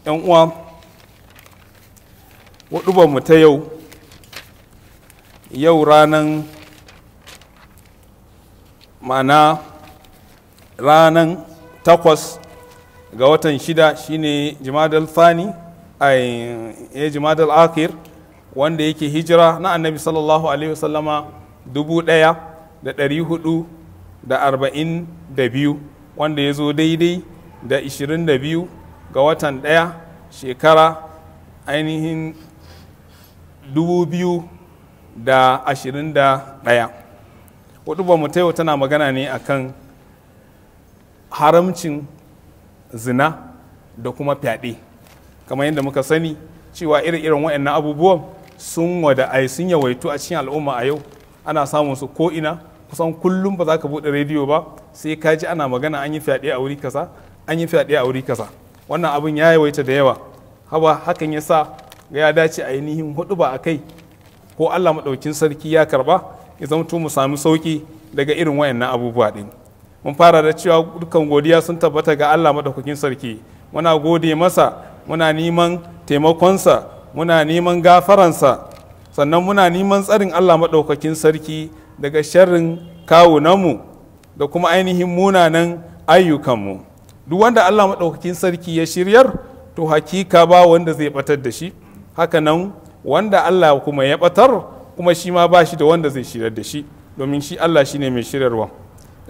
'yan uwa mu ta yau yau ranan mana ranan takwas ga watan shida shine jimadal fani a eh, jimadal akhir wanda yake hijira na annabi sallallahu alaihi wasallama dubu daya da ɗari hudu da arba'in da biyu wanda ya zo daidai da ishirin da biyu ga watan ɗaya shekara ainihin 2021 hudubar mu ta yau tana magana ne akan haramcin zina da kuma fyaɗe kamar yadda muka sani cewa irin irin waɗannan abubuwan sun wada ai sun yawaitu a cikin al'umma a yau ana samun su ko ina kusan kullum ba za ka buɗe rediyo ba sai ka ji ana magana an yi fyaɗe a wuri kasa an yi fyaɗe a wuri kasa wannan abin ya yawaita da yawa haba hakan ya sa ya dace ainihin hudu ba a kai ko allah maɗaukin sarki ya karba ya zamto mu sami sauki daga irin wayannan abubuwa ɗin mun fara da cewa dukkan godiya sun tabbata ga allah maɗaukakin sarki muna gode masa muna neman taimakonsa muna neman gafaransa sannan muna neman tsarin allah maɗaukakin sarki daga sharrin kawunanmu da kuma ainihin munanan ayyukanmu duk wanda Allah maɗaukakin sarki ya shiryar to hakika ba wanda zai batar da shi hakanan wanda Allah kuma ya batar kuma shi ma ba shi da wanda zai shiryar da shi domin shi Allah shine mai shiryarwa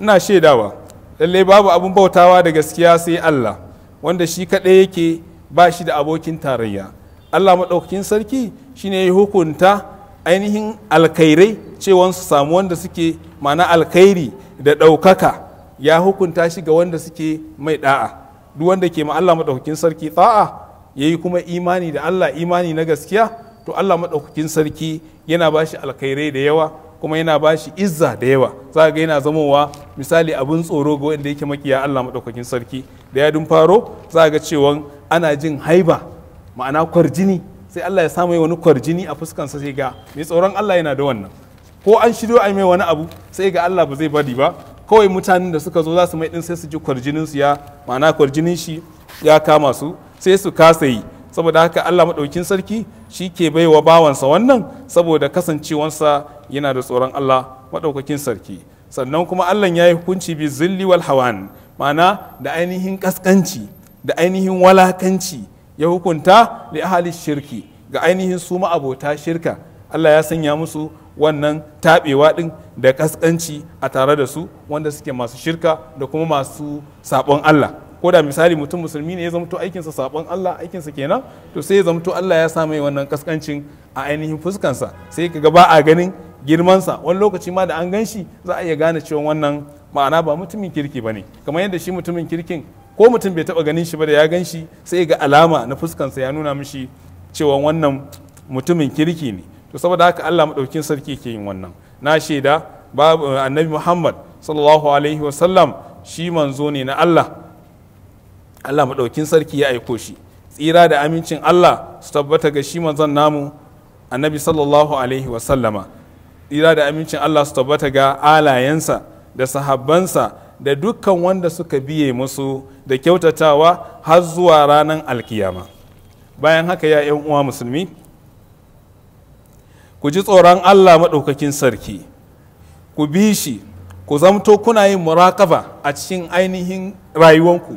ina shaidawa lallai babu abin bautawa da gaskiya sai Allah wanda shi kaɗai yake ba shi da abokin tarayya Allah maɗaukakin sarki shine ya hukunta ainihin alkhairai cewa su samu wanda suke ma'ana alkhairi da ɗaukaka ya hukunta shi ga wanda suke mai da'a duk wanda ke ma Allah madaukakin sarki ta'a yayi kuma imani da Allah imani na gaskiya to Allah madaukakin sarki yana bashi alkhairai da yawa kuma yana bashi izza da yawa za ga yana zamowa misali abin tsoro ga wanda yake makiya Allah madaukakin sarki da ya dun faro za ga cewa ana jin haiba ma'ana kwarjini sai Allah ya samu wani kwarjini a fuskansa sai ga mai tsoron Allah yana da wannan ko an shiryo a mai wani abu sai ga Allah ba zai bari ba kawai mutanen da suka zo za su mai din sai su ji kwarjinin su ya ma'ana kwarjinin shi ya kama su sai su kasa yi saboda haka Allah maɗaukin sarki shi ke baiwa bawansa wannan saboda kasancewansa yana da tsoron Allah maɗaukakin sarki sannan kuma Allah ya yi hukunci bi zilli wal hawan ma'ana da ainihin kaskanci da ainihin walakanci ya hukunta li ahali shirki ga ainihin su ma'abota shirka Allah ya sanya musu wannan taɓewa ɗin da kaskanci a tare da su wanda suke masu shirka da kuma masu saɓon Allah ko da misali mutum musulmi ne ya aikin sa saɓon Allah aikinsa kenan to sai ya zamto Allah ya sa wannan kaskancin a ainihin fuskansa sai ka ga ba a ganin girmansa wani lokaci ma da an gan shi za a iya gane cewa wannan ma'ana ba mutumin kirki ba ne kamar yadda shi mutumin kirkin ko mutum bai taɓa ganin shi ba da ya gan shi sai ga alama na fuskan sa ya nuna mishi cewa wannan mutumin kirki ne to saboda haka Allah madaukin sarki ke yin wannan na shaida babu eh, annabi Muhammad sallallahu alaihi wa sallam shi manzo ne na Allah Allah madaukin sarki ya aiko shi tsira da amincin Allah su tabbata ga shi manzon namu annabi sallallahu alaihi wa sallama tsira da amincin Allah su tabbata ga alayensa da sahabbansa da dukkan wanda suka biye musu da kyautatawa har zuwa ranar alkiyama bayan haka ya 'yan uwa musulmi ku ji tsoron Allah maɗaukakin sarki ku bi shi ku zamto kuna yin murakaba a cikin ainihin rayuwanku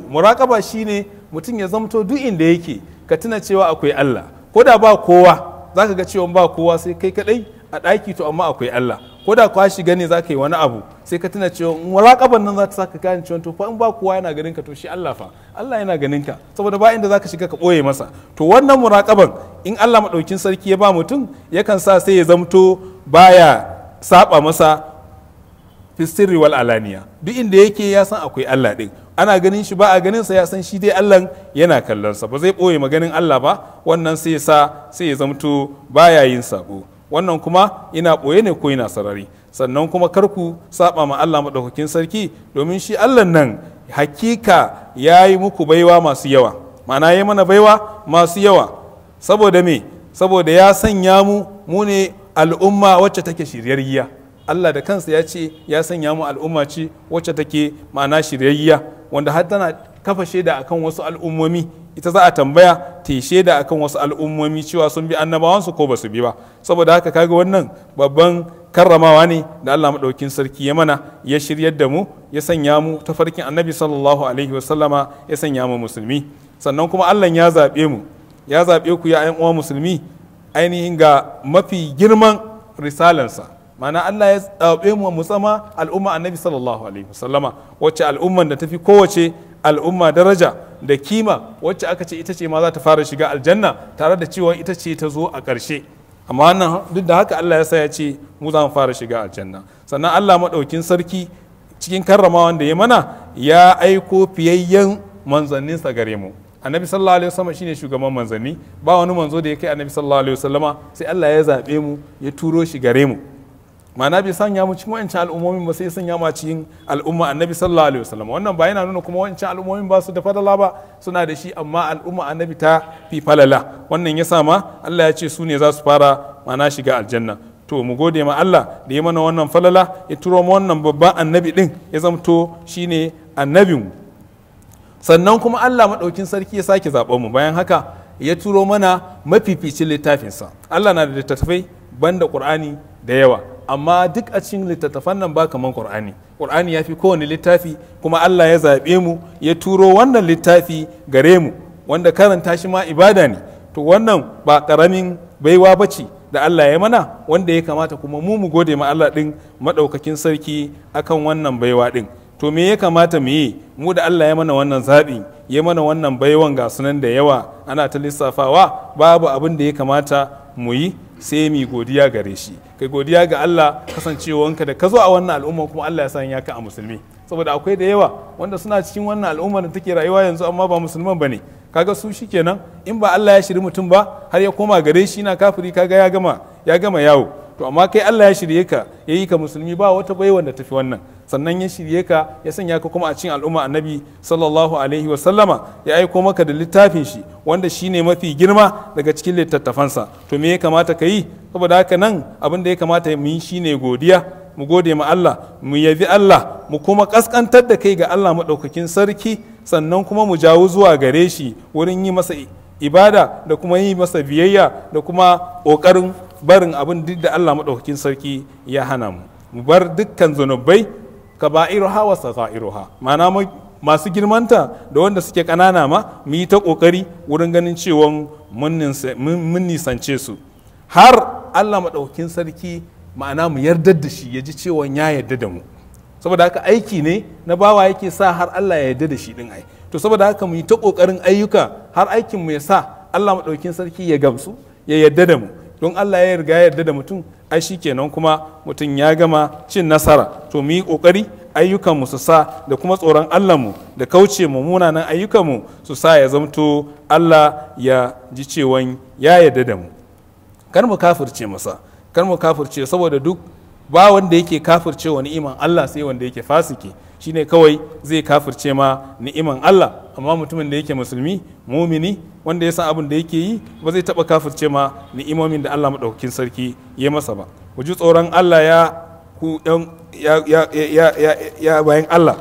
shi shine mutum ya zamto duk inda yake ka tuna cewa akwai Allah ko da ba kowa za ka ga cewa ba kowa sai kai kaɗai a ɗaki to amma akwai Allah ko da kwa shiga ne za ka yi wani abu sai ka tuna cewa walaƙaban nan za ta saka kayan cewa to fa in ba kowa yana ganin ka to shi Allah fa Allah yana ganin ka saboda ba inda za ka shiga ka boye masa to wannan muraqaban in Allah madaukin sarki ya ba mutum yakan sa sai ya zamto baya saba masa fisirri wal alaniya duk inda yake ya san akwai Allah ɗin ana ganin shi ba a ganin sa ya san shi dai Allah yana kallon sa ba zai boye maganin Allah ba wannan sai ya sa sai ya zamto baya yin sabo wannan kuma ina ɓoye ne ko ina sarari sannan kuma kar ku saba ma Allah maɗaukakin sarki domin shi Allah nan hakika ya yi muku baiwa masu yawa mana ya mana baiwa masu yawa saboda me saboda ya sanya mu mu ne al'umma wacce take shiryayya Allah da kansa ya ce ya sanya mu al'umma ce wacce take ma'ana shiryayya wanda har tana kafa da akan wasu al'ummomi ita za a tambaya ta a akan wasu al'ummomi cewa sun bi annabawansu ko ba su bi ba saboda haka kaga wannan babban karramawa ne da Allah maɗaukin sarki ya mana ya shiryar da mu ya sanya mu ta farkin annabi sallallahu alaihi wasallama ya sanya mu musulmi sannan kuma Allah ya zaɓe mu ya zaɓe ku ya uwa musulmi ainihin ga mafi girman risalansa mana Allah ya zaɓe mu musamman al'umma annabi sallallahu alaihi wasallama wacce al'umman da tafi kowace al'umma daraja da kima wacce aka ce ita ce ma za ta fara shiga aljanna tare da cewa ita ce ta zo a ƙarshe amma wannan duk da haka Allah ya sa ya ce mu za mu fara shiga aljanna sannan Allah maɗaukin sarki cikin karramawan da ya mana ya aiko fiyayyen manzanninsa gare mu annabi sallallahu alaihi wasallam shine shugaban manzanni ba wani manzo da ya kai annabi sallallahu alaihi wasallama sai Allah ya zaɓe mu ya turo shi gare mu mana bai sanya mu cikin wancan al'ummomin ba sai sanya mu cikin al'umma annabi sallallahu alaihi wasallam wannan ba yana nuna kuma wancan al'ummomin ba su da falala ba suna da shi amma al'umma annabi ta fi falala wannan ya ma Allah ya ce su ne za su fara ma'ana shiga aljanna to mu gode ma Allah da ya mana wannan falala ya turo mu wannan babban annabi din ya zamto shine annabin sannan kuma Allah madaukin sarki ya sake zaben mu bayan haka ya turo mana mafificin littafinsa Allah na da littattafai banda Qur'ani da yawa amma duk a cikin littattafan nan ba kamar ƙur'ani ƙur'ani ya fi kowane littafi kuma allah ya zaɓe mu ya turo wannan littafi gare mu wanda karanta shi ma ibada ne to wannan ba ƙaramin baiwa ba ce da allah ya mana wanda ya kamata kuma mu mu gode ma allah ɗin maɗaukakin sarki akan wannan baiwa ɗin to me ya kamata mu yi mu da allah ya mana wannan zaɓi ya mana wannan baiwan ga sunan da yawa ana ta lissafawa babu abin da ya kamata mu yi sai mi godiya gare shi kai godiya ga Allah kasancewanka da ka zo a wannan al'umma kuma Allah ya sanya ka a musulmi saboda akwai da yawa wanda suna cikin wannan al'umma da take rayuwa yanzu amma ba musulman bane kaga su shikenan in ba Allah ya shiri mutum ba har ya koma gare shi na kafiri kaga ya gama ya gama yawo to amma kai Allah ya shirye ka ya yi ka musulmi ba wata baiwa da tafi wannan sannan ya shirye ka ya sanya ka kuma a cikin al'umma annabi sallallahu alaihi wa sallama ya aiko maka da littafin shi wanda shine mafi girma daga cikin littattafansa to me ya kamata ka yi saboda haka nan abin da ya kamata mu yi shine godiya mu gode ma Allah mu yabi Allah mu kuma kaskantar da kai ga Allah madaukakin sarki sannan kuma mu jawo zuwa gare shi wurin yi masa ibada da kuma yi masa biyayya da kuma ƙoƙarin barin abin duk da Allah maɗaukakin sarki ya hana mu mu bar dukkan zunubai ka ba'iruha wa sa'iruha ma'ana masu girmanta da wanda suke ƙanana ma mu yi ta ƙoƙari wurin ganin cewa mun nisance su har Allah maɗaukakin sarki ma'ana mu yarda da shi ya ji cewa ya yarda da mu saboda haka aiki ne na bawa yake sa har Allah ya yarda da shi din ai to saboda haka mu yi ta ƙoƙarin ayyuka har aikin mu ya sa Allah maɗaukin sarki ya gamsu ya yarda da mu don Allah ya riga yarda da mutum ai shi kenan kuma mutum ya gama cin nasara to mu yi kokari ayyukan mu su sa da kuma tsoron Allah mu da kauce mu munanan ayyukan mu su sa ya zamto Allah ya ji cewan ya yarda da mu kar mu kafirce masa kar mu kafirce saboda duk ba wanda yake kafirce wani iman Allah sai wanda yake fasike shi ne kawai zai kafirce ma ni'iman Allah amma mutumin da yake musulmi mumini wanda ya san abin da yake yi ba zai taba kafirce ma ni'imomin da Allah madaukakin sarki ya masa ba ku tsoron Allah ya ku ya bayan Allah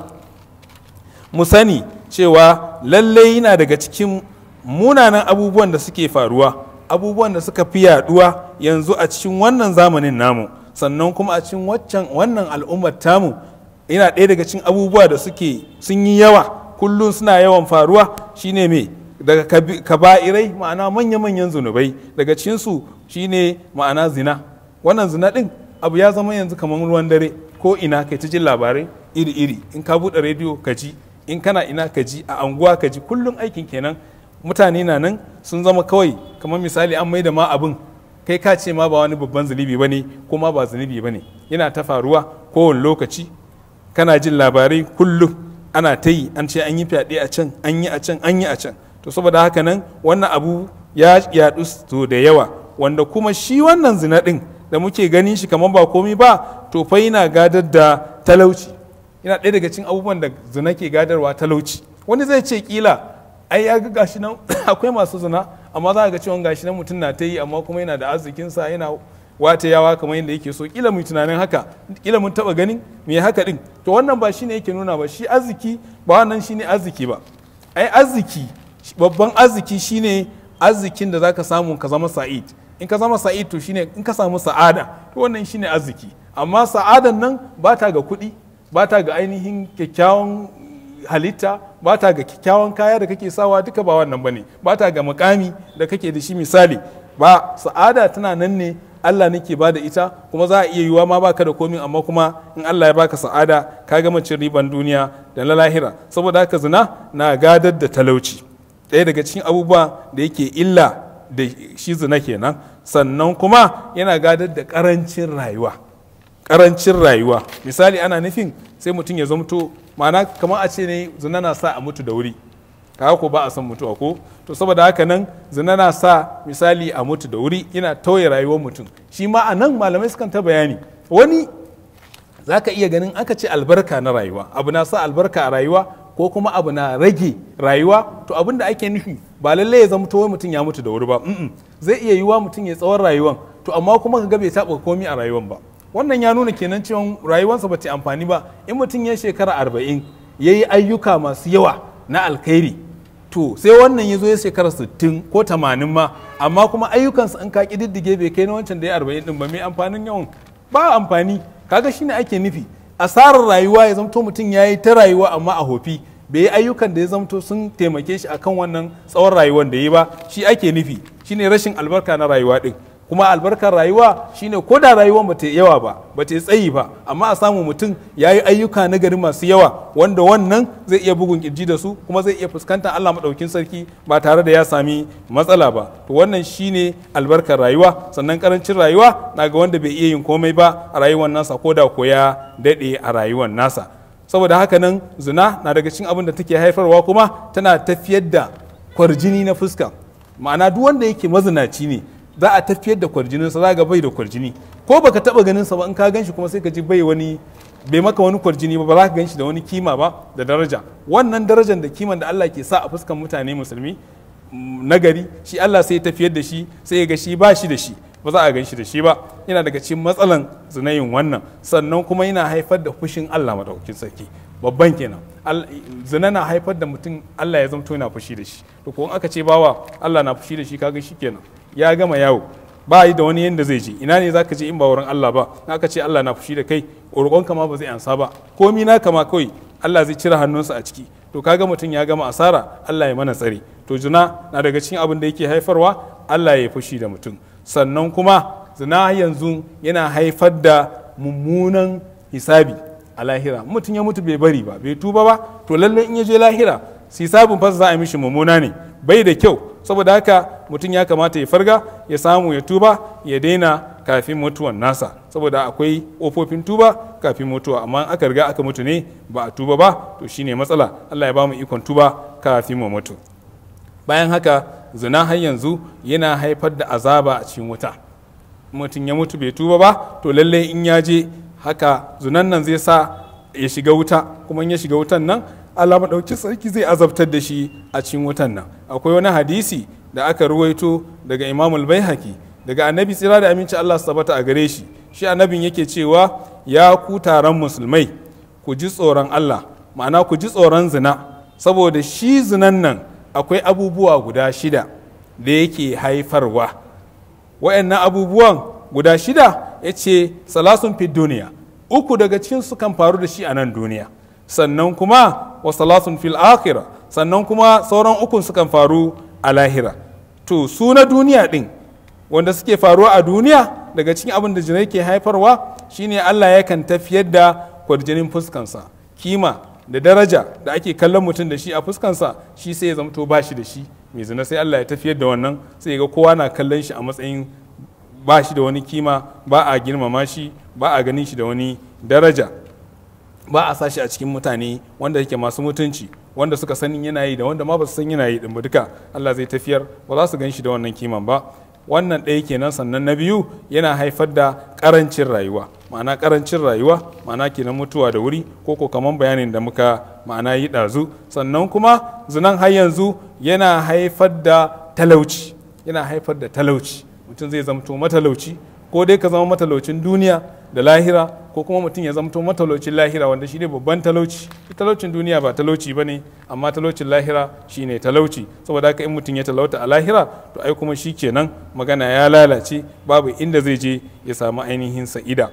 mu sani cewa lallai yana daga cikin munanan abubuwan da suke faruwa abubuwan da suka fi yaduwa yanzu a cikin wannan zamanin namu sannan kuma a cikin wannan al'ummar tamu yana ɗaya daga cikin abubuwa da suke sun yi yawa kullum suna yawan faruwa shine me daga kaba'irai ma'ana manya-manyan zunubai daga cinsu shine ma'ana zina wannan zina ɗin abu ya zama yanzu kamar ruwan dare ko ina kai ta jin labarai iri-iri in ka buɗe rediyo ka ji in kana ina ka ji a anguwa ka ji kullum aikin kenan mutane na nan sun zama kawai kamar misali an da ma abin kai ka ce ma ba wani babban zunubi bane ko ma ba zunubi bane yana ta faruwa kowane lokaci kana jin labarai kullum ana ta yi an ce an yi fyaɗe a can an yi a can an yi a can to saboda haka nan wannan abu ya yaɗu to da yawa wanda kuma shi wannan zina ɗin da muke ganin shi kamar ba komi ba to fa yana gadar da talauci yana ɗaya daga cikin abubuwan da zina ke gadarwa talauci wani zai ce kila ai ya ga gashi nan akwai masu zina amma za a ga cewa gashi nan mutum na ta yi amma kuma yana da arzikinsa yana wata yawa kamar yadda yake so kila mun tunanin haka kila mun taba ganin me haka din to wannan ba shine yake nuna ba shi arziki ba wannan shine arziki ba ai arziki babban arziki shine arzikin da zaka samu ka zama sa'id in ka zama sa'id to shine in ka samu sa'ada to wannan shine arziki amma sa'adan nan ba ta ga kuɗi ba ta ga ainihin kyakkyawan halitta ba ta ga kyakkyawan kaya da kake sawa duka ba wannan bane ba ta ga mukami da kake da shi misali ba sa'ada tana nan ne Allah ne ke da ita kuma za a iya yiwa ma baka da komi amma kuma in Allah ya baka sa'ada ka gama cin riban duniya da na lahira saboda haka zina na gadar da talauci ɗaya daga cikin abubuwa da yake illa da shi zina kenan sannan kuma yana gadar da karancin rayuwa ƙarancin rayuwa misali ana nufin sai mutum ya zamto ma'ana kamar a ce ne zina na sa a mutu da wuri Ka ko ba a san mutuwa ko to saboda haka nan zina na sa misali a mutu da wuri yana tauye rayuwar mutum shi ma a nan malamai sukan ta bayani wani za ka iya ganin aka ce albarka na rayuwa abu na sa albarka a rayuwa ko kuma abu na rage rayuwa to abin da ake nufi ba lallai ya zama wai mutum ya mutu da wuri ba zai iya yiwa mutum ya tsawon rayuwan to amma kuma ka ga bai taɓa komi a rayuwan ba wannan ya nuna kenan cewa rayuwarsa ba ta amfani ba in mutum ya shekara arba'in ya yi ayyuka masu yawa na alkhairi to sai wannan ya zo ya shekara 60 ko 80 ma amma kuma ayyukansa an ka kididdige bai kai na wancan da ya 40 din ba mai amfanin yawan ba amfani kaga shine ake nufi asarar rayuwa ya zamto mutum ya yi ta rayuwa amma a hofi bai yi ayyukan da ya zamto sun taimake shi akan wannan tsawon rayuwar da ya yi ba shi ake nufi shine rashin albarka na rayuwa din kuma albarkar rayuwa shine ko da rayuwar ba ta yawa ba ba ta tsayi ba amma a samu mutum ya yi ayyuka na gari masu yawa wanda wannan zai iya bugun kirji da su kuma zai iya fuskantar Allah maɗaukin sarki ba tare da ya sami matsala ba to wannan shine albarkar rayuwa sannan karancin rayuwa na ga wanda bai iya yin komai ba a rayuwar nasa ko da ko ya daɗe a rayuwar nasa saboda haka nan zina na daga cikin abin da take haifarwa kuma tana tafiyar da kwarjini na fuska ma'ana duk wanda yake mazinaci ne za a tafiyar da kwarjininsa za ga bai da kwarjini ko baka taba ganin sa ba in ka ganshi kuma sai ka ji bai wani bai maka wani kwarjini ba ba za ka ganshi da wani kima ba da daraja wannan darajar da kiman da Allah ke sa a fuskan mutane musulmi mm, nagari shi Allah sai tafiyar da shi sai ya ga shi ba shi da shi ba za a ganshi da shi ba yana daga cikin matsalan zinayin wannan sannan kuma yana haifar da fushin Allah madaukakin sarki babban kenan zina na haifar da mutum Allah ya zamto yana fushi da shi to ko in aka ce bawa Allah na fushi da shi kaga shi kenan ya gama yawo ba yi da wani yadda zai je ina ne ka je in ba wurin Allah ba na ce Allah na fushi da kai roƙon kama ba zai ansa ba komi na kama kawai Allah zai cire hannunsa a ciki to kaga mutum ya gama asara Allah ya mana tsari to zina na daga cikin abin da yake haifarwa Allah ya fushi da mutum sannan kuma zina yanzu yana haifar da mummunan hisabi a lahira mutum ya mutu bai bari ba bai tuba ba to lallai in ya je lahira hisabin fasa za a yi mishi mummuna ne bai da kyau saboda haka mutum ya kamata ya farga ya samu ya tuba ya daina kafin mutuwan nasa saboda akwai ofofin tuba kafin mutuwa amma aka riga aka mutu ne ba a tuba ba to shine matsala Allah ya bamu ikon tuba kafin mu mutu bayan haka zina har yanzu yana haifar da azaba a cikin wuta mutum ya mutu bai tuba ba to lalle in ya je haka zunan nan zai sa ya shiga wuta kuma in ya shiga wutan nan Allah maɗauki sarki zai azabtar da shi a cikin wutan nan akwai wani hadisi da aka ruwaito daga imamul al daga annabi tsira da aminci Allah su tabbata a gare shi shi annabin yake cewa ya ku taron musulmai ku ji tsoron Allah ma'ana ku ji tsoron zina saboda shi zinan nan akwai abubuwa guda shida da yake haifarwa wa'annan abubuwan guda shida ya ce salasun fi duniya uku daga cikin su kan faru da shi a nan duniya sannan kuma wasalatun fil akhira sannan kuma sauran ukun sukan faru a lahira to su na duniya din wanda suke faruwa a duniya daga cikin abin da jinai ke haifarwa shine Allah yakan tafiyar da kwarjinin fuskansa kima da daraja da ake kallon mutum da shi a fuskansa shi sai ya zamto ba shi da shi mai zina sai Allah ya tafiyar da wannan sai ga kowa na kallon shi a matsayin ba shi da wani kima ba a girmama shi ba a ganin shi da wani daraja ba a sashi a cikin mutane wanda yake masu mutunci wanda suka sanin yana yi da wanda ma ba su san yana yi din ba duka Allah zai tafiyar ba za su gan shi da wannan kiman ba wannan ɗaya kenan sannan na biyu yana haifar da ƙarancin rayuwa ma'ana ƙarancin rayuwa ma'ana kenan mutuwa da wuri ko ko kaman bayanin da muka ma'ana yi ɗazu sannan kuma zunan har yanzu yana haifar da talauci yana haifar da talauci mutum zai zamto matalauci ko dai ka zama matalaucin duniya da lahira ko kuma mutum ya zamto matalaucin lahira wanda shine babban talauci talaucin duniya ba talauci ba ne amma talaucin lahira shine talauci saboda haka in mutum ya talauta a lahira to ai kuma shi kenan magana ya lalace babu inda zai je ya samu ainihin sa'ida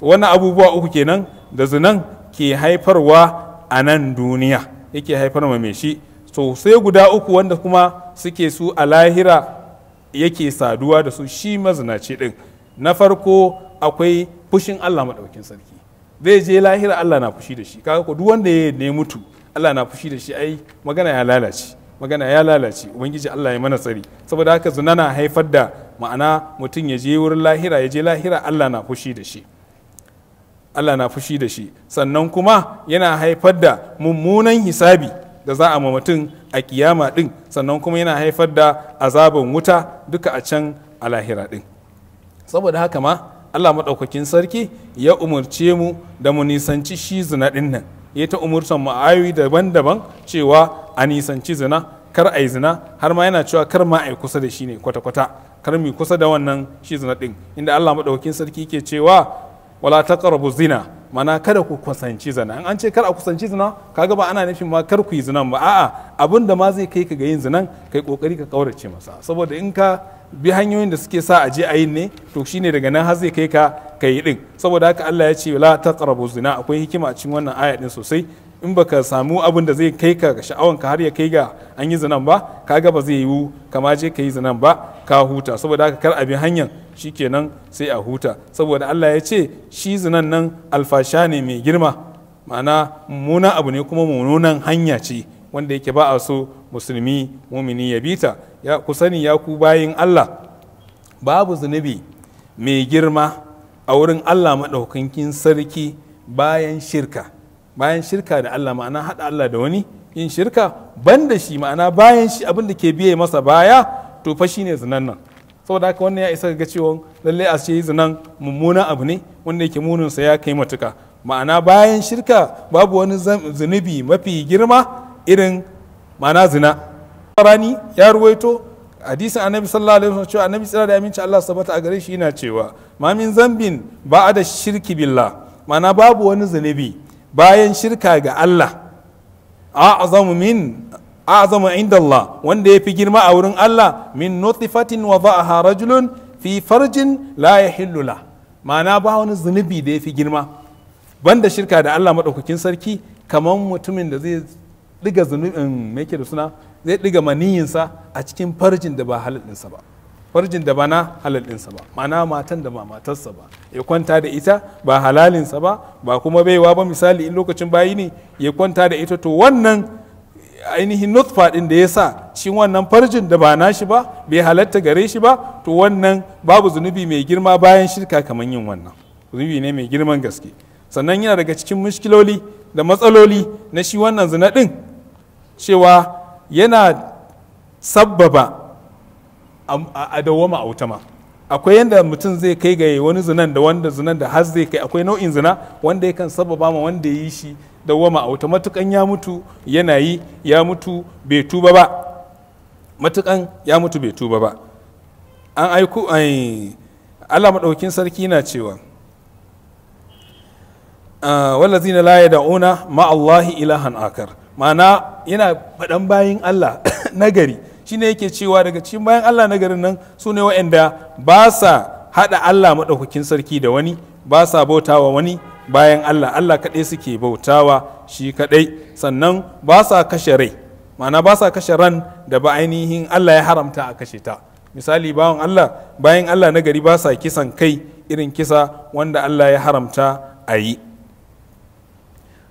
wani abubuwa uku kenan da zinan ke haifarwa a nan duniya yake haifar ma mai shi so sai guda uku wanda kuma suke su a lahira yake saduwa da su shi mazinaci din na farko akwai fushin Allah maɗaukin sarki zai je lahira Allah na fushi da shi kaga ko duk wanda ya ne mutu Allah na fushi da shi ai magana ya lalace magana ya lalace ubangiji Allah ya mana tsari saboda haka zina na haifar da ma'ana mutum ya je wurin lahira ya je lahira Allah na fushi da shi Allah na fushi da shi sannan kuma yana haifar da mummunan hisabi da za a ma mutum a kiyama din sannan kuma yana haifar da azabin wuta duka a can a lahira din saboda haka ma Allah maɗaukakin sarki ya umarce mu da mu nisanci shi zina ɗin nan ya ta umurtan mu ayoyi daban-daban cewa a nisanci zina kar a yi zina har ma yana cewa kar ma a yi kusa da shi ne kwata-kwata kar mu kusa da wannan shi zina ɗin inda Allah maɗaukakin sarki ke cewa wala ta ƙarabu zina mana kada ku kusanci zina in an ce kar a kusanci zina kaga ba ana nufin ma kar ku yi zina ba a'a abin da ma zai kai ka ga yin zinan kai kokari ka kaurace masa saboda in ka bi hanyoyin da suke sa a je a yin ne to shi ne daga nan har zai kai ka ka yi din saboda haka Allah ya ce la taqrabu zina akwai hikima a cikin wannan aya din sosai in baka samu abin da zai kai ka sha'awan ka har ya kai ga an yi zinan ba kaga ba zai yiwu kama je ka yi zinan ba ka huta saboda haka kar abin hanyar shikenan sai a huta saboda Allah ya ce shi zinan nan alfasha ne mai girma ma'ana mummuna abu ne kuma mummunan hanya ce wanda yake ba a so musulmi mumini ya bita ya ku sani ya ku bayin Allah babu zunubi mai girma a wurin Allah maɗaukakin sarki bayan shirka bayan shirka da Allah ma'ana haɗa Allah da wani yin shirka banda shi ma'ana bayan shi abin da ke biye masa baya to fa shine zinan nan saboda haka wannan ya isa ga cewa lalle a ce zinan mummunan abu ne wanda yake mununsa ya kai matuka ma'ana bayan shirka babu wani zunubi mafi girma irin ma'ana zina rani ya ruwaito hadisin annabi sallallahu alaihi wasallam cewa annabi sallallahu da wasallam Allah sabata a gare shi yana cewa ma min zambin ba da shirki billah ma'ana babu wani zunubi bayan shirka ga Allah a'zamu min a'zamu inda Allah wanda yafi girma a wurin Allah min nutfatin wada'aha rajulun fi farjin la yahillu la ma'ana ba wani zunubi da yafi girma banda shirka da Allah madaukakin sarki kamar mutumin da zai diga zunubin mai ke da suna zai diga maniyinsa a cikin farjin da ba halalinsa ba farjin da ba na halalinsa ba mana matan da ba matarsa ba ya kwanta da ita ba halalinsa ba ba kuma baiwa ba misali in lokacin bayi ne ya kwanta da ita to wannan ainihin nutfa din da ya sa shi wannan farjin da ba nashi ba bai halatta gare shi ba to wannan babu zunubi mai girma bayan shirka kamar yin wannan zunubi ne mai girman gaske sannan yana daga cikin mushkiloli da matsaloli na shi wannan zina din cewa yana sabbaba a dawwama a wuta ma akwai yadda mutum zai kai ga wani zinan da wanda zinan da har zai kai akwai nau'in zina wanda ya kan sababa ma wanda ya yi shi dawwama a wuta matukan ya mutu yana yi ya mutu bai tuba ba matukan ya mutu bai tuba ba an aiku Allah maɗaukin sarki na cewa ah, wallazina la yad'una ma Allahi ilahan akar ma'ana yana faɗan bayan Allah nagari shi ne yake cewa daga cikin bayan Allah nagarin nan su ne wa'anda ba sa haɗa Allah maɗaukakin sarki da wani ba sa bautawa wani bayan Allah Allah kaɗai suke bautawa shi kaɗai sannan ba sa kashe rai ma'ana ba sa kashe ran da ba ainihin Allah ya haramta a kashe ta misali bawan Allah bayan Allah nagari ba sa kisan kai irin kisa wanda Allah ya haramta a yi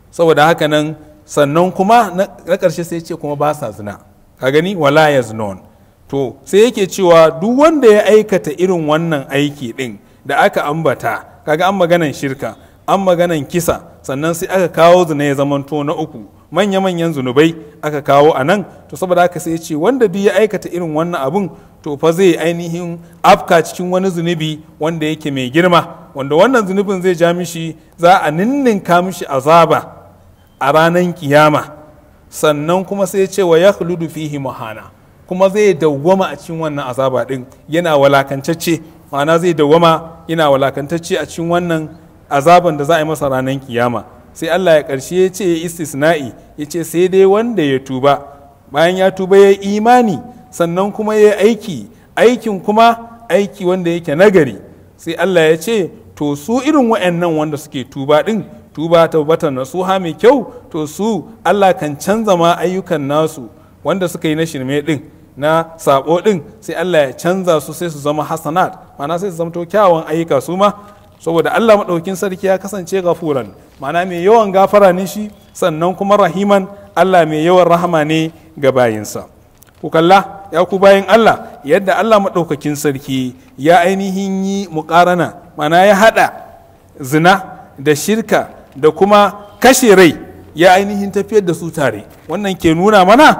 saboda haka nan sannan kuma na ƙarshe sai ce kuma ba sa zina ka gani wala ya zinon to sai yake cewa duk wanda ya aikata irin wannan aiki ɗin da aka ambata kaga an maganan shirka an maganan kisa sannan sai aka kawo zina ya zamanto na uku manya-manyan zunubai aka kawo a nan to saboda haka sai ce wanda duk ya aikata irin wannan abun to fa zai ainihin afka cikin wani zunubi wanda yake mai girma wanda wannan zunubin zai ja mishi za a ninninka mishi azaba a ranar kiyama sannan kuma sai ce wa ya fihi muhana kuma zai dawwama a cikin wannan azaba din yana walakantacce ma'ana zai dawwama yana walakantacce a cikin wannan azaban da za a yi masa ranar kiyama sai Allah ya karshe ya ce istisna'i ya ce sai dai wanda ya tuba bayan ya tuba ya imani sannan kuma ya aiki aikin kuma aiki wanda yake nagari sai Allah ya ce to su irin wa'annan wanda suke tuba din tuba tabbatar nasuha mai kyau to su Allah kan canza ma ayyukan nasu wanda suka yi na shirme din na sabo din sai Allah ya canza su sai su zama hasanat ma'ana sai su zama kyawun ayyuka su ma saboda Allah maɗaukin sarki ya kasance gafuran ma'ana mai yawan gafara ne shi sannan kuma rahiman Allah mai yawan rahama ne ga bayinsa ku kalla ya ku bayan Allah yadda Allah maɗaukakin sarki ya ainihin yi muƙarana mana ya haɗa zina da shirka da kuma kashe rai ya ainihin tafiyar da su tare wannan ke nuna mana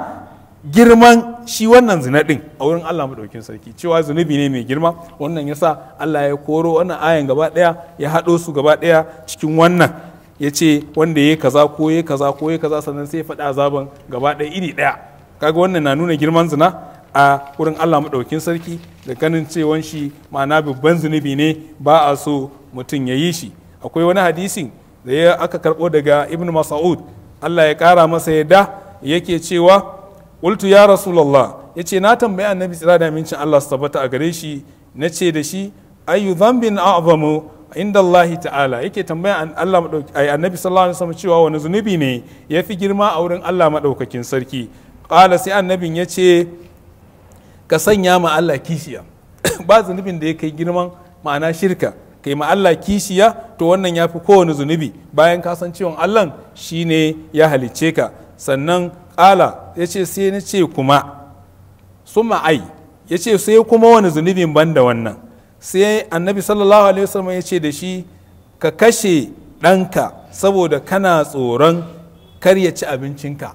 girman shi wannan zina a wurin Allah maɗaukin sarki cewa zunubi ne mai girma wannan yasa Allah ya koro wannan ayan gaba ɗaya ya haɗo su gaba ɗaya cikin wannan ya ce wanda ya kaza ko ya kaza ko ya kaza sannan sai faɗa azaban gaba ɗaya iri ɗaya. kaga wannan na nuna girman zina a wurin Allah maɗaukin sarki da ganin cewan shi ma'ana babban zunubi ne ba a so mutum ya yi shi akwai wani hadisin da ya aka karɓo daga ibn mas'ud Allah ya kara masa yadda yake cewa ultu ya rasulullah ya ce na tambaya annabi tsira da amincin Allah su tabbata a gare shi na ce da shi ayu zambin a'zamu inda Allah ta'ala yake tambaya Allah annabi sallallahu alaihi wasallam cewa wani zunubi ne ya fi girma a wurin Allah maɗaukakin sarki qala sai annabin ya ce ka sanya ma Allah kishiya ba zunubin da ya kai girman ma'ana shirka kai ma Allah kishiya to wannan ya fi kowane zunubi bayan ka san cewa Allah shine ya halicce ka sannan ƙala ya ce sai na ce kuma su ai ya ce sai kuma wani zunubin ban da wannan sai annabi sallallahu alaihi wasallam ya ce da shi ka kashe ɗanka saboda kana tsoron kar ya ci abincinka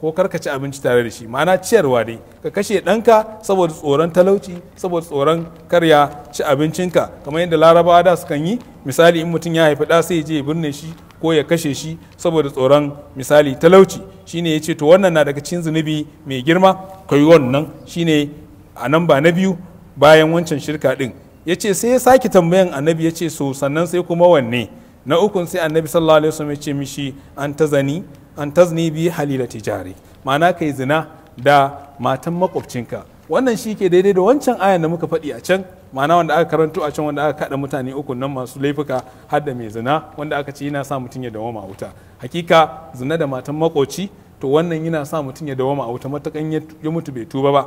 ko kar ka ci abinci tare da shi ma'ana ciyarwa dai ka kashe ɗanka saboda tsoron talauci saboda tsoron karya ci abincinka kamar yadda larabawa da su kan yi misali in mutum ya haifi ɗa sai je ya birne shi ko ya kashe shi saboda tsoron misali talauci shine ya ce to wannan na daga cin zunubi mai girma kai wannan shine a nan ba na biyu bayan wancan shirka ɗin ya ce sai ya sake tambayan annabi ya ce so sannan sai kuma wanne na ukun sai annabi sallallahu alaihi wasallam ya ce mishi an tazani an tazni bi halila tijari ma'ana kai zina da matan makwabcinka wannan shi ke daidai da wancan ayan da muka faɗi a can ma'ana wanda aka karanto a can wanda aka kaɗa mutane uku nan masu laifuka har da mai zina wanda aka ce yana sa mutum ya dawoma a wuta hakika zina da matan makoci to wannan yana sa mutum ya dawoma a wuta matakan ya mutu bai tuba ba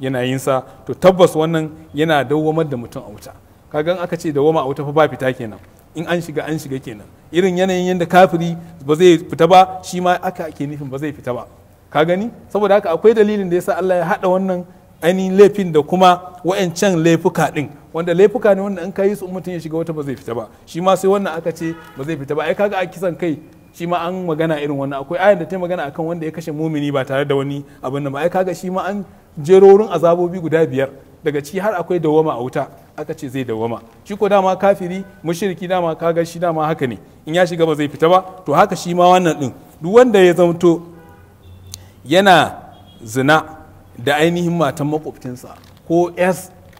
yana yin sa to tabbas wannan yana dawwamar da mutum a wuta kagan aka ce dawoma a wuta fa ba fita kenan in an shiga an shiga kenan irin yanayin yadda kafiri ba zai fita ba shi ma aka ake nufin ba zai fita ba ka gani saboda haka akwai dalilin da yasa Allah ya hada wannan ainihin laifin da kuma wa'ancan laifuka din wanda laifuka ne wanda in ka yi su mutum ya shiga wata ba zai fita ba shi ma sai wannan aka ce ba zai fita ba ai kaga a kisan kai shi ma an magana irin wannan akwai ayan da ta magana akan wanda ya kashe mumini ba tare da wani abin nan ba ai kaga shi ma an jerorin azabobi guda biyar daga ciki har akwai dawama a wuta aka ce zai dawama shi ko dama kafiri mushriki dama kaga shi dama haka ne in ya shiga ba zai fita ba to haka shi ma wannan din duk wanda ya zamto yana zina da ainihin matan makwabcinsa ko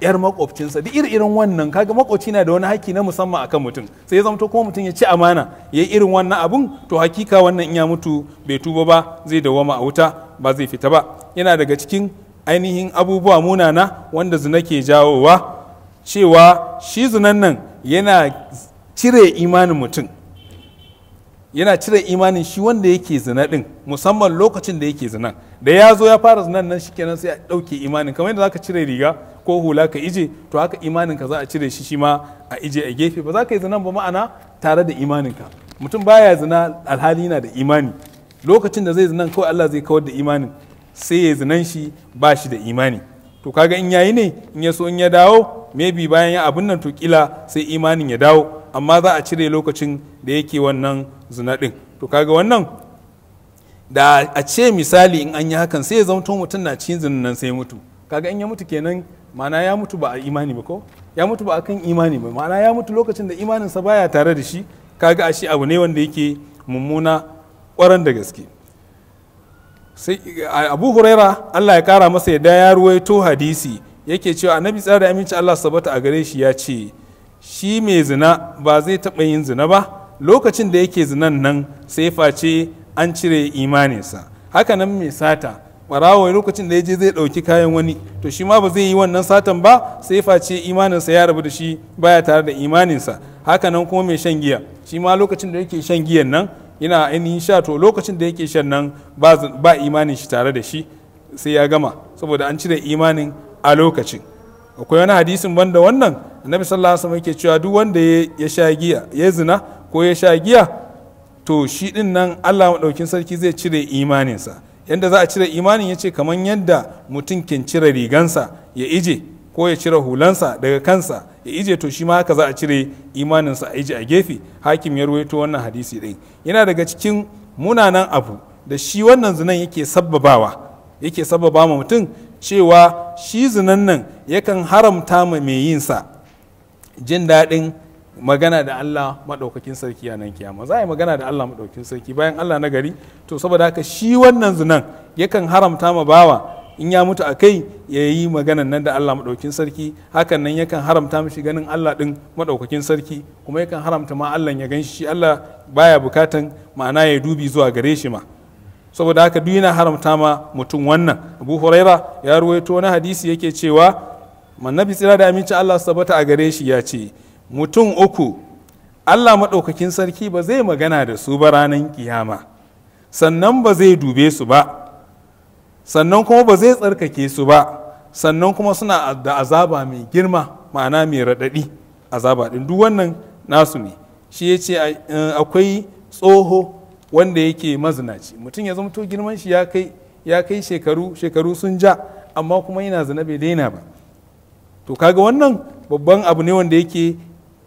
yar makwabcinsa duk irin irin wannan kaga makwabci na da wani haki na musamman akan mutum sai ya zamto ko mutum ya ci amana ya yi irin wannan abun to hakika wannan in ya mutu bai tuba ba zai dawwama a wuta ba zai fita ba yana daga cikin ainihin abubuwa munana wanda zina ke jawowa cewa shi zinan nan yana cire imanin mutum yana cire imanin shi wanda yake zina din musamman lokacin da yake zinan da ya zo ya fara zinan nan shikenan sai a ɗauke imanin kamar yadda zaka cire riga ko hula ka ije to haka imanin ka za a cire shi shi ma a ije a gefe ba za ka yi zinan ba ma'ana tare da imanin ka mutum baya zina alhali yana da imani lokacin da zai zinan kawai Allah zai kawar da imanin sai ya zinan shi ba shi da imani to kaga in yayi ne in ya so in ya dawo maybe bayan ya abin nan to kila sai imanin ya dawo amma za a cire lokacin da yake wannan zina din to kaga wannan da a ce misali in an yi hakan sai ya zamto mutum na cikin zinin nan sai mutu kaga in ya mutu kenan ma'ana ya mutu ba a imani ba ko ya mutu ba a kan imani ba ma'ana ya mutu lokacin da imaninsa baya tare da shi kaga ashe abu ne wanda yake mummuna kwaran da gaske sai abu huraira allah ya kara masa yadda ya ruwaito hadisi yake cewa annabi tsara da aminci allah sabata a gare shi ya ce shi mai zina ba zai taɓa yin zina ba lokacin da yake zinan nan sai face an cire imaninsa haka nan mai sata ɓarawo lokacin da ya je zai ɗauki kayan wani to shi ma ba zai yi wannan satan ba sai face imaninsa ya rabu da shi baya tare da imaninsa haka nan kuma mai shan giya shi ma lokacin da yake shan giyan nan yana ainihin sha to lokacin da yake shan nan ba imanin shi tare da shi sai ya gama saboda an cire imanin a lokacin akwai wani hadisin banda wannan na sallallahu alaihi wasallam yake cewa duk wanda ya sha giya ya zina ko ya sha giya to shi din nan Allah madaukin sarki zai cire imaninsa yadda za a cire imanin yace kamar yadda mutum kin cire rigansa ya ije ko ya cire hulansa daga kansa ya ije to shi ma haka za a cire imaninsa a ije a gefe hakim ya ruwaito wannan hadisi ɗin yana daga cikin munanan abu da shi wannan zinan yake sabbabawa yake sabbaba ma mutum cewa shi zinan nan yakan haramta ma mai yin sa jin daɗin magana da Allah maɗaukakin sarki a kiyama za a yi magana da Allah maɗaukakin sarki bayan Allah na gari to saboda haka shi wannan zinan yakan haramta ma bawa in ya mutu a kai ya yi maganan nan da Allah maɗaukin sarki hakan nan yakan haramta mishi ganin Allah ɗin maɗaukakin sarki kuma yakan haramta ma Allah ya ganshi Allah baya bukatan ma'ana ya dubi zuwa gare shi ma saboda haka duk yana haramta ma mutum wannan Abu Huraira ya ruwaito wani hadisi yake cewa mannabi tsira da aminci Allah sabata a gare shi ya ce mutum uku Allah maɗaukakin sarki ba zai magana da su ba ranar kiyama sannan ba zai dube su ba sannan kuma ba zai tsarkake su ba sannan kuma suna da azaba mai girma ma'ana mai raɗaɗi azaba ɗin duk wannan nasu ne shi ya ce eh, akwai tsoho wanda yake mazinaci mutum ya zamto girman shi ya kai shekaru shekaru sun ja amma kuma yana zina bai daina ba to kaga wannan babban abu ne wanda yake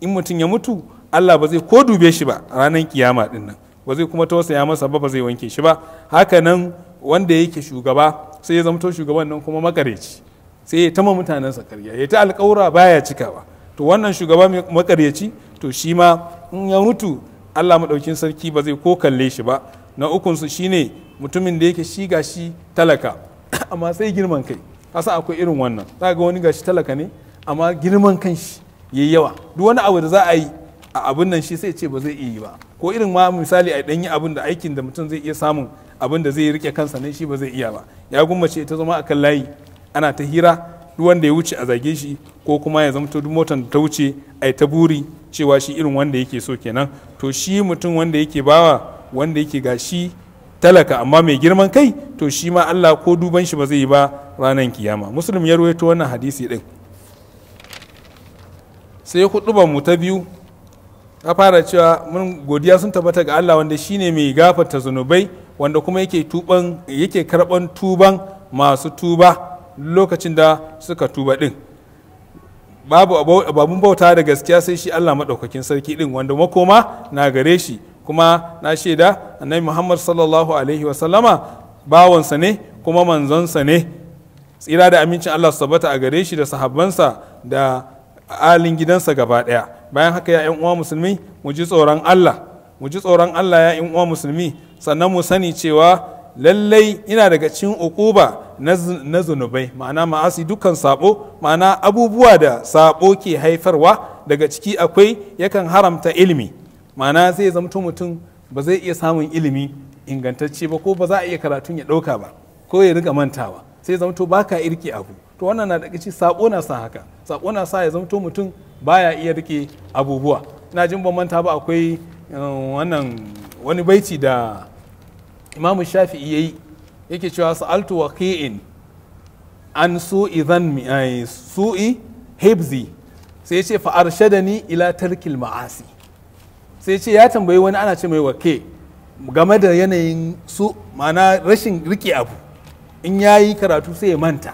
in mutum ya mutu Allah ba zai ko dube shi ba ranar kiyama dinnan nan ba zai kuma tausaya masa ba ba zai wanke shi ba haka nan wanda yake shugaba sai ya zamto shugaban nan kuma makareci sai ya tama mutanensa karya ya ta alƙawura baya cikawa to wannan shugaba makareci to shi ma in ya mutu Allah maɗaukin sarki ba zai ko kalle shi ba na ukunsu shine mutumin da yake shi gashi talaka amma sai girman kai kasa akwai irin wannan za ga wani gashi talaka ne amma girman kan shi yayi yawa duk wani abu da za a yi a abin nan shi sai ce ba zai iya yi ba ko irin ma misali a ɗanyi abin da aikin da mutum zai iya samun abin da zai rike kansa nan shi ba zai iya ba ya gummace ta zama akan layi ana ta hira duk wanda ya wuce a zage shi ko kuma ya zama duk motar da ta wuce ai ta buri cewa shi irin wanda yake so kenan to shi mutum wanda yake bawa wanda yake ga shi talaka amma mai girman kai to shi ma Allah ko duban shi ba zai yi ba ranar kiyama musulmi ya ruwaito wannan hadisi din sai duba mu ta biyu ta fara cewa mun godiya sun tabbata ga Allah wanda shine mai gafarta zunubai wanda kuma yake tuban yake karban tuban masu tuba lokacin da suka tuba din babu babun bauta da gaskiya sai shi Allah madaukakin sarki din wanda makoma na gare shi kuma na shaida annabi Muhammad sallallahu alaihi wa sallama bawansa ne kuma manzonsa ne tsira da amincin Allah su tabbata a gare shi da sahabbansa da alin gidansa gaba daya bayan haka ya uwa musulmi mu ji tsoron Allah mu ji tsoron Allah ya uwa musulmi sannan mu sani cewa lallai ina daga cikin ukuba na zunubai ma'ana ma'asi dukkan sabo ma'ana abubuwa da sabo ke haifarwa daga ciki akwai yakan haramta ilimi ma'ana zai zamto mutum ba zai iya samun ilimi ingantacce ba ko ba za a iya karatun ya ɗauka ba ko ya riga mantawa sai zamto baka irki abu to wannan na daga ciki sabo na sa haka sabo na sa ya zamto mutum baya iya rike abubuwa ina jin ban manta ba akwai um, wannan wani baiti da imamu shafi'i yayi yake cewa sa'altu waqi'in an su'i dhanmi su'i hebzi sai ce fa'ar shadani ila tarkil ma'asi sai ce ya tambayi wani ana ce mai wake game da yanayin su ma'ana rashin rike abu in ya yi karatu sai ya manta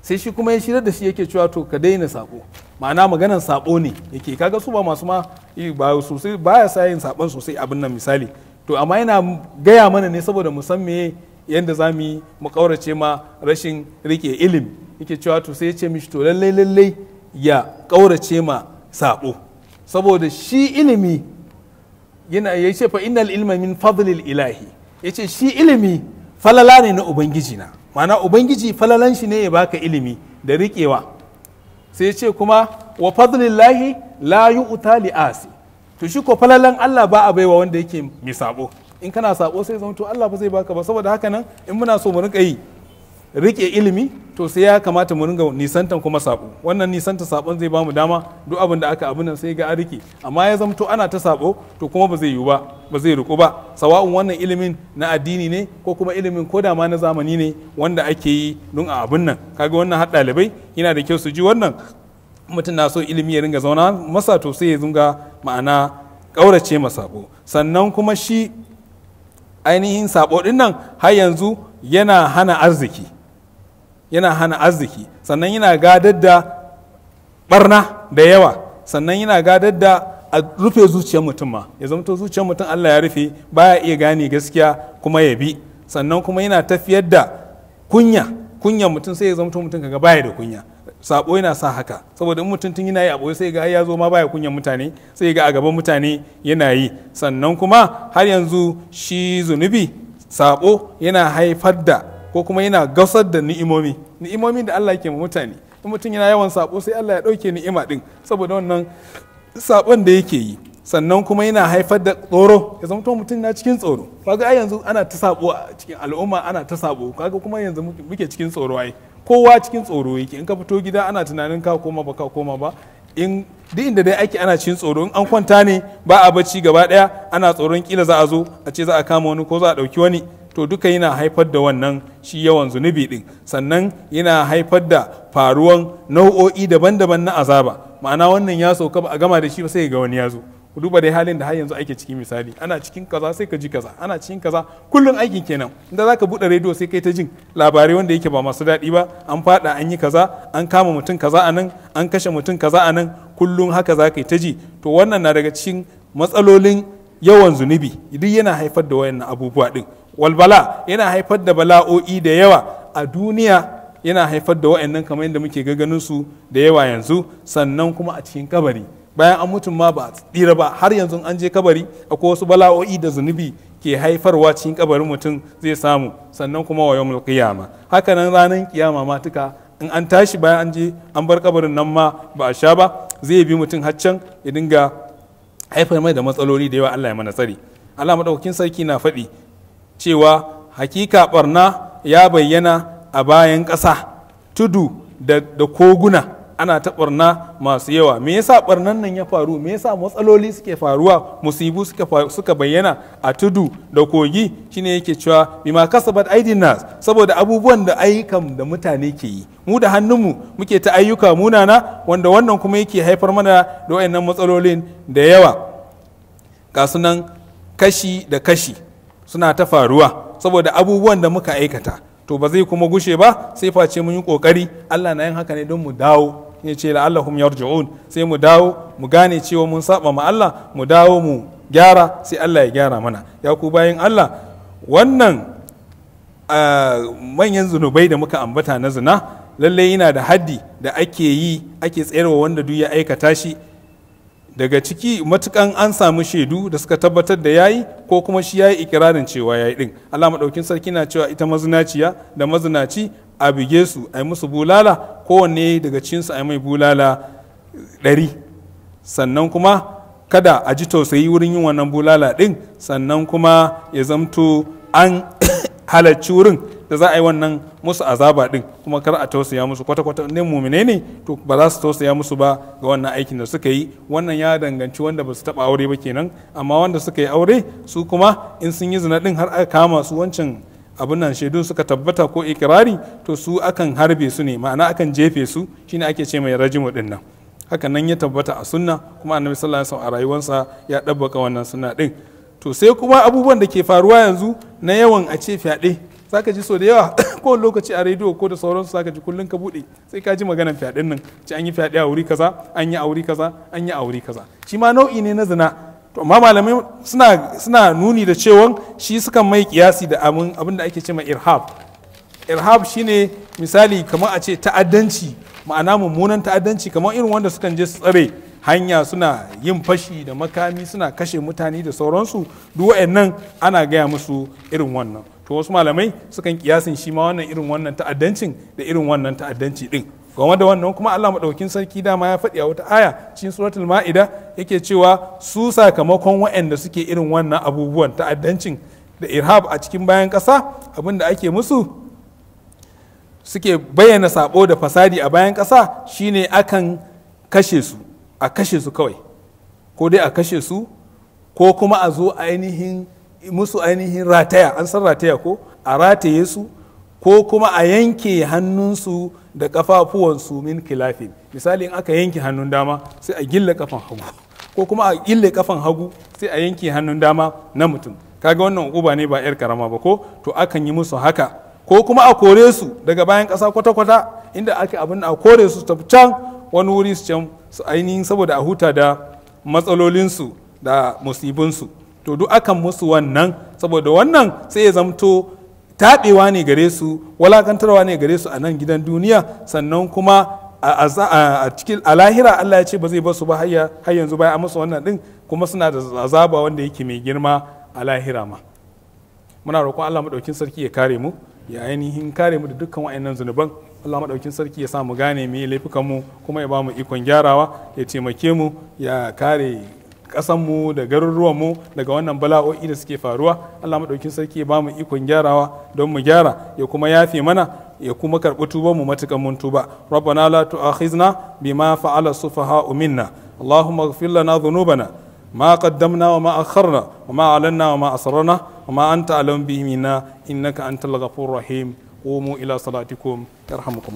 sai shi kuma ya shirar da shi yake cewa to ka daina sako ma'ana maganan sabo ne yake kaga su ba masu ma ba sosai ya sa yin sabon sosai abin nan misali to amma yana gaya mana ne saboda mu san meye yadda za mu yi mu ma rashin rike ilimi yake cewa to sai ya ce mishi to lallai lallai ya kaurace ma sabo saboda shi ilimi yana ya ce fa innal ilma min fadlil ilahi ya ce shi ilimi falala ne na ubangiji na ma'ana ubangiji falalan shi ne ya baka ilimi da riƙewa sai ce kuma wa fadlillahi la yu'ta li'asi to shi ko falalan Allah ba a baiwa wanda yake mai sabo in kana sabo sai zanto Allah ba zai baka ba saboda haka nan in muna so mu rinka yi rike ilimi to sai ya kamata mu ringa nisantan kuma sabo wannan nisanta sabon zai bamu dama duk abin da aka abin nan sai ga an rike amma ya zamto ana ta sabo to kuma ba zai yiwu ba ba zai riku ba sawa'un wannan ilimin na addini ne ko kuma ilimin ko da ma na zamani ne wanda ake yi don a abin nan kaga wannan har ɗalibai yana da kyau su ji wannan mutum na so ilimi ya ringa zauna masa to sai ya zunga ma'ana ƙaurace ma sabo sannan kuma shi ainihin sabo ɗin har yanzu yana hana arziki yana hana arziki sannan yana gadar da barna da yawa sannan yana gadar da a rufe zuciyar mutum ma ya zamto zuciyar mutum Allah ya rufe baya iya gane gaskiya kuma ya bi sannan kuma yana tafiyar da kunya kunya mutum sai ya zamto mutum kaga baya da kunya sabo yana sa haka saboda in mutum tun yana yi a boye sai ga ya zo ma baya kunyan mutane sai ga a gaban mutane yana yi sannan kuma har yanzu shi zunubi sabo yana haifar da ko kuma yana gasar da ni'imomi ni'imomi da Allah yake ma mutane in mutum yana yawan sabo sai Allah ya dauke ni'ima din saboda wannan sabon da yake yi sannan kuma yana haifar da tsoro ya zama to mutum na cikin tsoro kaga ai yanzu ana ta sabo a cikin al'umma ana ta sabo kaga kuma yanzu muke cikin tsoro ai kowa cikin tsoro yake in ka fito gida ana tunanin ka koma ba ka koma ba in duk inda dai ake ana cikin tsoro in an kwanta ne ba a bacci gaba daya ana tsoron kila za a zo a ce za a kama wani ko za a dauki wani to duka yana haifar da wannan shi yawan zunubi din sannan yana haifar da faruwan nau'o'i daban-daban na azaba ma'ana wannan ya sauka ba a gama da shi ba sai ga wani ya zo ku duba dai halin da har yanzu ake cikin misali ana cikin kaza sai ka ji kaza ana cikin kaza kullum aikin kenan inda zaka bude rediyo sai kai ta jin labarai wanda yake ba masu daɗi ba an fada an yi kaza an kama mutum kaza anan an kashe mutum kaza anan kullum haka zaka yi ta ji to wannan na daga cikin matsalolin yawan zunubi duk yana haifar da wayannan abubuwa din walbala yana haifar da bala'o'i da yawa a duniya yana haifar da wa'annan kamar yadda muke gaganin su da yawa yanzu sannan kuma a cikin kabari bayan an mutum ma ba a tsira ba har yanzu an je kabari akwai wasu bala'o'i da zunubi ke haifarwa cikin kabarin mutum zai samu sannan kuma wa yawmul qiyama haka nan ranar kiyama ma tuka in an tashi bayan an je an bar kabarin nan ma ba a sha ba zai bi mutum haccan ya dinga haifar mai da matsaloli da yawa Allah ya mana tsari Allah madaukakin sarki na faɗi cewa hakika barna ya bayyana a bayan ƙasa tudu da, koguna ana ta barna masu yawa me yasa barnan nan ya faru me yasa matsaloli suke faruwa musibu suka, bayyana a tudu da kogi shine yake cewa bima kasabat aidinas saboda abubuwan da ayyukan da mutane ke yi mu da hannunmu muke ta ayyuka munana wanda wannan kuma yake haifar mana da wayannan matsalolin da yawa ga sunan kashi da kashi suna ta faruwa saboda abubuwan da muka aikata to ba zai kuma gushe ba sai face mun yi kokari Allah na yin haka ne don mu dawo ya ce Allahum yarji'un sai mu dawo mu gane cewa mun saba ma Allah mu dawo mu gyara sai Allah ya gyara mana ya ku bayan Allah wannan manyan zunubai da muka ambata na zina lallai yana da haddi da ake yi ake tsayarwa wanda duk ya aikata shi daga ciki matukan an samu shaidu da suka tabbatar da yayi ko kuma shi yayi ikirarin cewa yayi din Allah madaukin sarki na cewa ita mazinaciya da mazinaci a bige su ai musu bulala kowanne daga cikin su ai mai bulala ɗari sannan kuma kada a ji tausayi wurin yin wannan bulala din sannan kuma ya zamto an halarci wurin da za a yi wannan musu azaba din kuma kar a tausaya musu kwata kwata ne mumine ne to ba za su tausaya musu ba ga wannan aikin da suka yi wannan ya danganci wanda ba su taba aure ba kenan amma wanda suka yi aure su kuma in sun yi zina din har aka kama su wancan abin nan shaidun suka tabbata ko ikirari to su akan harbe su ne ma'ana akan jefe su shine ake ce mai rajimu din nan haka nan ya tabbata a sunna kuma annabi sallallahu alaihi wasallam a rayuwarsa ya dabbaka wannan sunna din to sai kuma abubuwan da ke faruwa yanzu na yawan a ce fyaɗe za ka ji so da yawa ko lokaci a rediyo ko da sauransu za ka ji kullum ka bude sai ka ji maganar fyaɗin nan ci an yi fyaɗe a wuri kaza an yi a wuri kaza an yi a wuri kaza shi ma nau'i ne na zina to amma malamai suna suna nuni da cewa shi sukan mai kiyasi da abin da ake ce ma irhab irhab shine misali kamar a ce ta'addanci ma'ana mummunan ta'addanci kamar irin wanda sukan je su tsare hanya suna yin fashi da makami suna kashe mutane da sauransu duk nan ana gaya musu irin wannan to wasu malamai sukan kiyasin shi ma wannan irin wannan ta'addancin da irin wannan ta'addanci din game da wannan kuma Allah maɗaukin sarki dama ya faɗi a wata aya cikin suratul ma'ida yake cewa su sakamakon waɗanda suke irin wannan abubuwan ta'addancin da irhab a cikin bayan kasa abin da ake musu suke bayyana sabo da fasadi a bayan kasa shine akan kashe su a kashe su kawai ko dai a kashe su ko kuma a zo ainihin musu ainihin rataya an san rataya ko a rataye su ko kuma a yanke hannunsu da kafafuwansu min kilafin misali in aka yanke hannun dama sai a gille kafan hagu ko kuma a gille kafan hagu sai a yanke hannun dama na mutum kaga wannan uba ne ba yar karama ba ko to akan yi musu haka ko kuma a kore su daga bayan ƙasa kwata-kwata inda ake abin a kore su tafi can wani wuri su can su ainihin saboda a huta da matsalolinsu da musibinsu to duk akan musu wannan saboda wannan sai ya zamto taɓewa ne gare su walakantarwa ne gare su a nan gidan duniya sannan kuma a cikin a lahira Allah ya ce ba zai basu ba har yanzu baya a musu wannan din kuma suna da azaba wanda yake mai girma a lahira ma muna roƙon Allah maɗaukin sarki ya kare mu ya ainihin kare mu da dukkan wa'annan zunuban Allah maɗaukin sarki ya sa mu gane mu laifukan mu kuma ya ba mu ikon gyarawa ya taimake mu ya kare kasanmu da garuruwanmu daga wannan bala'o'i da suke faruwa allah maɗaukin sarki ba mu ikon gyarawa don mu gyara ya kuma yafe mana ya kuma karɓi mu matukan mun tuba rabbana la tu'akhizna bima fa'ala sufaha'u minna allahumma ighfir lana dhunubana ma qaddamna wa ma akharna wa ma alanna wa ma asrarna wa ma anta alam bihi minna innaka antal ghafurur rahim qumu ila salatikum yarhamukum